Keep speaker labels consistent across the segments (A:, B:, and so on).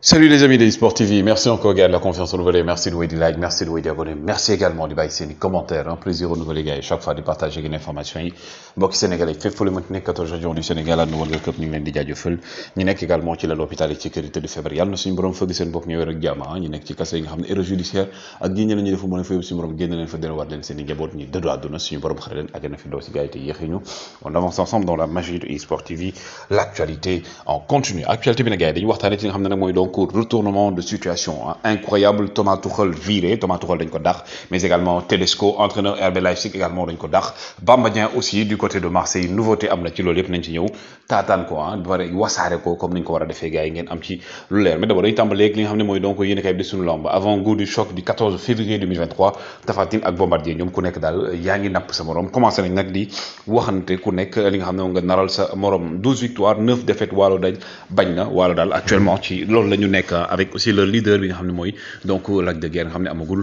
A: Salut les amis d'eSport TV, merci encore gars de la confiance renouvelée, merci de vous like, merci de vous abonner, merci également de baisser les commentaires, un plaisir renouvelé gars, et chaque fois de partager une information. Mbokk Sénégalais, fépp fu leen 14 jours du Sénégal à wal nga këpp ñu ngi leen di jaajëfal ñi nekk également ci lal hôpital yi ci kër yi tëdd feebar yàlla na suñu borom fëgg seen bopp ñu wér ak jàmm ah. ñi nekk ci kase yi nga xam ne judiciaire ak ñi ñeneen ñi defu mën a fa yóbbu suñu borom génn leen fa delluwaat leen seen i njaboot ñi dëddu àdduna suñu borom xare leen àjjana fi doo si gars yi ñu on avance ensemble dans la magie de eSport TV l'actualité en continu actualité bi gars yi dañu waxtaane ci nga xam ne nag mooy donc retournement de situation hein. incroyable Thomas Tuchel viré Thomas Tuchel dañ ko mais également Tedesco entraîneur RB Leipzig également dañ ko dàq aussi du côté de Marseille nouveauté am na ci loolu yëpp nañ ci ñew taataan ko hein ba pare ko comme niñ ko wara a gaay ngeen am ci lu leer mais d'abord dañuy tambalé li nga xamné moy donc yéen kay bi suñu lamb avant goût du choc du 14 février 2023 Tafatim ak Bombardier ñom ku nekk dal yaangi ngi napp sa morom commencé nañ nag di waxanté ku nekk li nga xamné nga naral sa morom 12 victoires 9 défaites waalo dañ bañ na waalo dal actuellement ci loolu ñu nekk avec aussi le leader bi nga xam ne mooy donc Lac de guerre nga xam ne amagul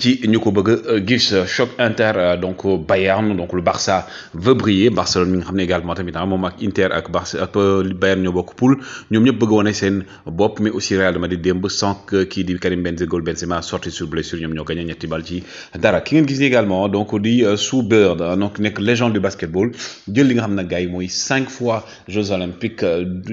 A: ci ñu ko bëgg euh, gis euh, choc inter euh, donc Bayern donc le Barça veut briller Barcelone mi nga xam ne également tamit ah moom ak Inter ak Barça ak Bayern ñoo bokk poule ñoom ñëpp bëgg wane seen Bob mais aussi Real Madrid démb sans que qui di Karim Benzema sorti sur blessure ñoom ñoo gagné ñetti bal ci dara ki ngeen gis également donc di Sue Bird donc nekk légende du basketball jël li nga xam ne cinq fois Jeux olympiques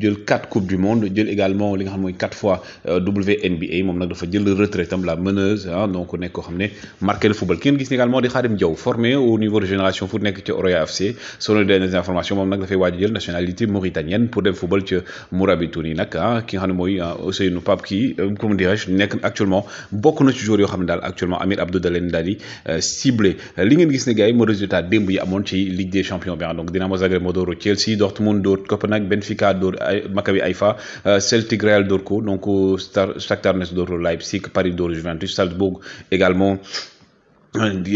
A: jël quatre coupes du monde jël également li nga quatre fois WNBA moom nag dafa jël retraite am la meneuse ah, donc donc est koo marqué le football qui gis ni Khadim formé au niveau de génération foot nekk ci Oroya FC selon les informations moom a fait la nationalité mauritanienne pour le football qui mourabitouni yi nag qui ah, ki nga xam ne mooy ah, Pape qui, euh, comme dirais-je actuellement beaucoup de ci joueurs yoo actuellement Amir Abdou dalen leen di euh, ciblé li ngeen gis résultat de yi Ligue des champions bien ah, donc Dinamo Zagreb Modoro, Chelsea Dortmund dóor Copenhague Benfica dóor Maccabi Haifa euh, Celtic Real Dorco. donc Stuttgart, Donetsk Leipzig Paris dóor Juventus Salzbourg également également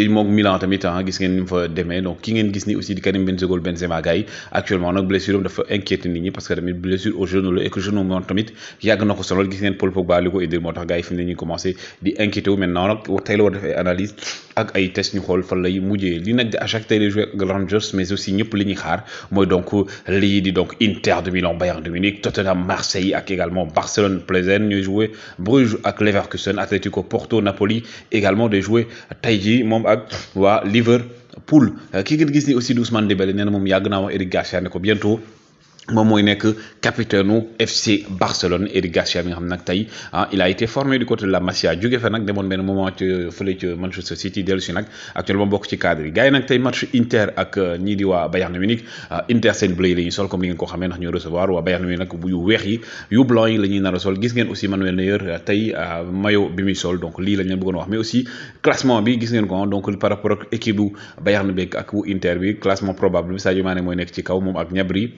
A: moom Milan tamit temps hein, gis ngeen ni fa demee donc ki ngeen gis ni aussi di Karim Benzema Benzema gay actuellement nag blessure am dafa inquiété nit ñi parce que tamit blessure au genou la et que genou moom tamit yàgg na ko sonal gis ngeen Paul Pogba li ko indil moo gars yi fi mu ne ñu commencé di inquiété maintenant nag tey def analyse ak ay test ñu mais aussi xaar donc donc Inter de Milan Bayern de Munich Tottenham Marseille ak également Barcelone Plzen ñu Bruges ak Leverkusen Atlético Porto Napoli également de jouer. mom Liverpool qui gën gis ni aussi Dembélé néna mom Eric Garcia bientôt moom mooy nekk capitaine u FC Barcelone Eric Garcia mi nga xam nag tey ah, il a été formé du côté de la Masia jóge fa nag demoon benn moment ci fële ci Manchester City dellu si nag actuellement bokk ci cadre yi gars yi nag tey match Inter ak euh, ñii di Wa Bayern Munich ah, Inter seen bleu yi la sol comme ni ngeen ko xamee ndax ñoo recevoir waa Bayern Munich nag bu yu weex yi yu blanc yi la ñuy nar a sol gis ngeen aussi Manuel Neuer euh, tey euh, Mayo bi muy sol donc lii la ñu bëggoon wax mais aussi classement bi gis ngeen ko ah, donc par rapport ak équipe bu Bayern beeg ak bu Inter bi classement probable bi Sadio Mané mooy nekk ci kaw moom ak Gnabry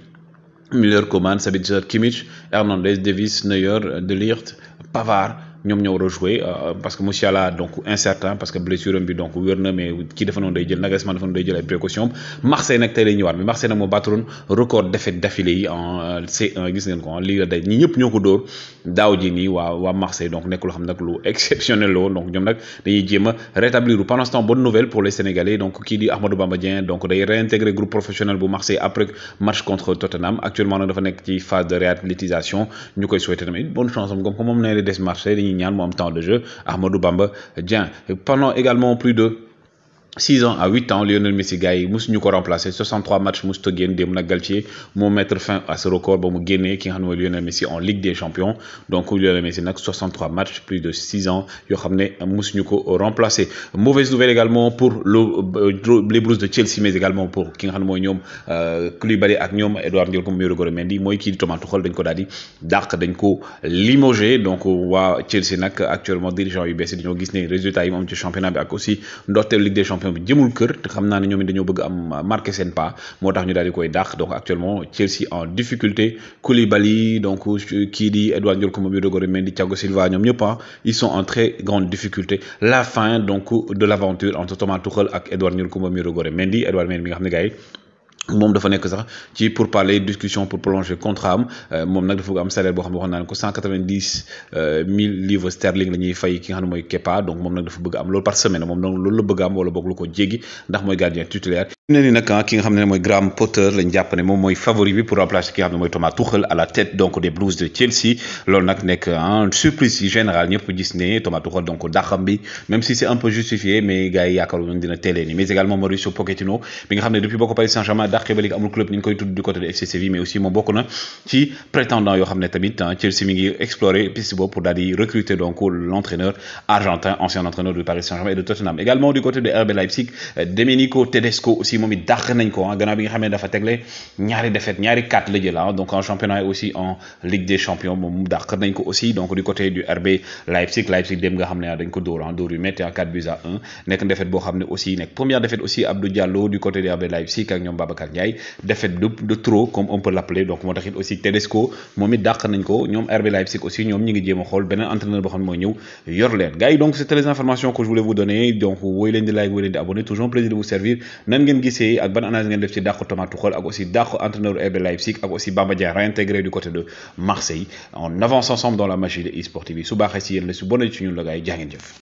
A: Miller, Coman, Sabitzer, Kimmich, Hernandez, Davis, Neuer, De Pavar. Pavard, ñom ñoo rejouer euh, parce que Musiala donc incertain parce que blessure am bi donc wér mais ki dafa noonu day jël Nagelsmann dafa noonu day jël ay précaution Marseille nak tay lay ñëwaat mais Marseille nag moo battroon record défaite d'affilée yi en euh, C1 gis ngeen ko en ah, Ligue day ñi ñëpp ñoko ko dóor ji nii Marseille donc nekk loo xam nak lu exceptionnel lo donc ñom nak dañuy jéem rétablir pendant ce temps bonne nouvelle pour les Sénégalais donc kii di Ahmadou Bamba donc day réintégrer groupe professionnel bu Marseille après match contre Tottenham actuellement nak dafa nek ci phase de réathlétisation ñu koy souhaiter tamit bonne chance comme comme moom né na des Marseille ñaan même am temps de jeu Ahmadou Bamba pendant également plus de 6 ans à 8 ans, Lionel Messi gars yi remplacé. ko 63 matchs Moussou a génn dem Galtier mettre fin à ce record ba mu qui ki nga Lionel Messi en Ligue des Champions donc Lionel Messi que 63 matchs plus de 6 ans yoo xam remplacé. mauvaise nouvelle également pour le euh, les Blues de Chelsea mais également pour qui nga nommé euh, Koulibaly ak Edouard Ndiol comme Mauro Mendy mooy di Thomas Tuchol, dañ ko Dark, Denko, limogé donc voit Chelsea nag actuellement dirigeant yu bees yi gis résultat yi mu am ci championnat mais ak aussi Ligue des Champions champion bi donc actuellement Chelsea en difficulté Koulibaly donc euh, di Edouard Thiago Silva hein, ils sont en très grande difficulté la fin donc de l'aventure entre Thomas Tuchel ak Edouard Ndiol Mendy Edouard Mendy moom dafa nek sax ci pour parler discussion pour prolonger contrat am euh, mom nak dafa am salaire bo xam ne ko 190 quatre euh, livres sterling lañuy fay ki nga xam moy mooy Kepa donc mom nak dafa bëgg am lool par semaine mom donc lool la bëgg am wala boog lu ko jéggi ndax moy gardien titulaire nous nak ah, ki nga xamné moy Graham Potter lañ jàpp ne favori bi pour remplacer ki Thomas Tuchel à la tête donc des Blues de Chelsea lool nak nek ah, un surprise général ñepp gis Thomas Tuchel donc daxam bi même si c'est un peu justifié mais gars yi a nañ dina télé. ni mais également Mauricio Pochettino bi nga xamné depuis beaucoup Paris Saint-Germain dàqee ba amul club ni koy du côté de FC Séville mais aussi moom bokk na ci prétendant yo xamné tamit ah, Chelsea mi explorer piste pour dali recruter donc l'entraîneur argentin ancien entraîneur de Paris Saint-Germain et de Tottenham également du côté de RB Leipzig Domenico Tedesco aussi aussi moom it nañ ko ah ganna bi nga xam dafa tegle ñaari défaite ñaari quatre la jël ah, donc en championnat et aussi en Ligue des champions moom dakh nañ ko aussi donc du côté du RB Leipzig Leipzig dem nga xamné ah, dañ ko dóor ah dóor yu metti en 4 buts à 1 nek défaite bo xamné aussi nek première défaite aussi Abdou Diallo du côté du RB Leipzig ak ñom Babacar Ndiaye défaite de trop comme on peut l'appeler donc moo tax aussi Tedesco moom dakh dàq nañ ko ñom RB Leipzig aussi ñom ñi ngi jéem xol benen entraîneur bo xam mo ñew yor len gars donc c'était les informations que je voulais vous donner donc vous leen liker, like wooy leen abonner. toujours plaisir de vous servir nan c'est gisee ak ban analyse ngeen def ci dàqu Thomas Tuchel ak aussi dàqu entraîneur RB Leipzig ak aussi Bamba Dia réintégré du côté de Marseille on avance ensemble dans la machine de eSport TV su baaxee si yéen la su bonee ci ñun la gars yi jaa